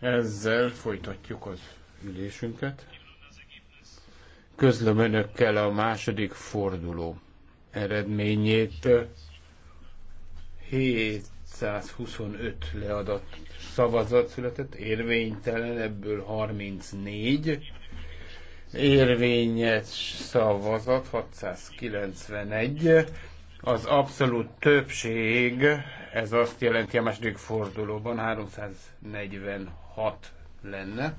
Ezzel folytatjuk az ülésünket. Közlöm önökkel a második forduló eredményét. 725 leadott szavazat született, érvénytelen, ebből 34 érvényes szavazat, 691. Az abszolút többség, ez azt jelenti a második fordulóban 346 lenne.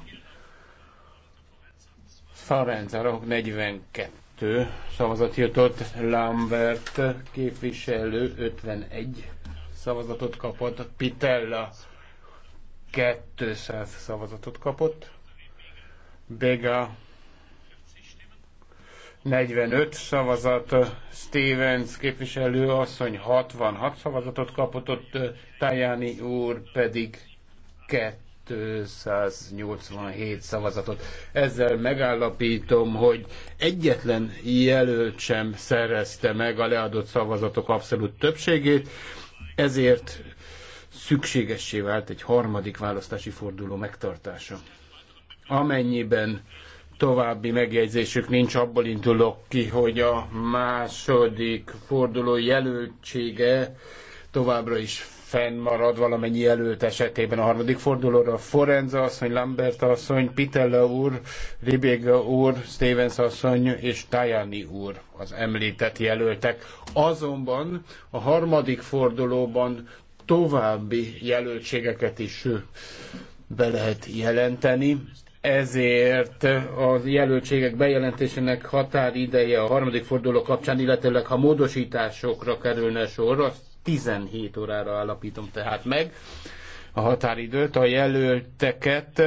Ferenc 42 szavazat jutott, Lambert képviselő 51 szavazatot kapott, Pitella 200 szavazatot kapott, Bega 45 szavazat, Stevens képviselő asszony 66 szavazatot kapott, ott Tajani úr pedig 287 szavazatot. Ezzel megállapítom, hogy egyetlen jelölt sem szerezte meg a leadott szavazatok abszolút többségét, ezért szükségessé vált egy harmadik választási forduló megtartása. Amennyiben további megjegyzésük nincs, abból indulok ki, hogy a második forduló jelöltsége továbbra is fennmarad valamennyi jelölt esetében a harmadik fordulóra. Forenza asszony, Lambert asszony, Pitella úr, Ribéga úr, Stevens asszony és Tajani úr az említett jelöltek. Azonban a harmadik fordulóban további jelöltségeket is be lehet jelenteni ezért a jelöltségek bejelentésének határideje a harmadik forduló kapcsán, illetőleg ha módosításokra kerülne sor, azt 17 órára állapítom tehát meg a határidőt, a jelölteket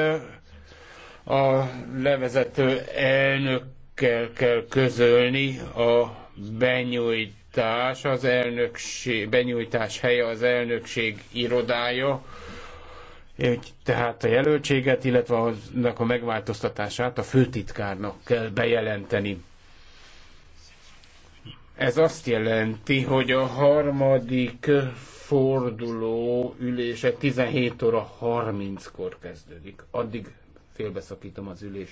a levezető elnökkel kell közölni a benyújtás, az elnökség, benyújtás helye az elnökség irodája, úgy, tehát a jelöltséget, illetve aznak a megváltoztatását a főtitkárnak kell bejelenteni. Ez azt jelenti, hogy a harmadik forduló ülése 17 óra 30-kor kezdődik. Addig félbeszakítom az ülést.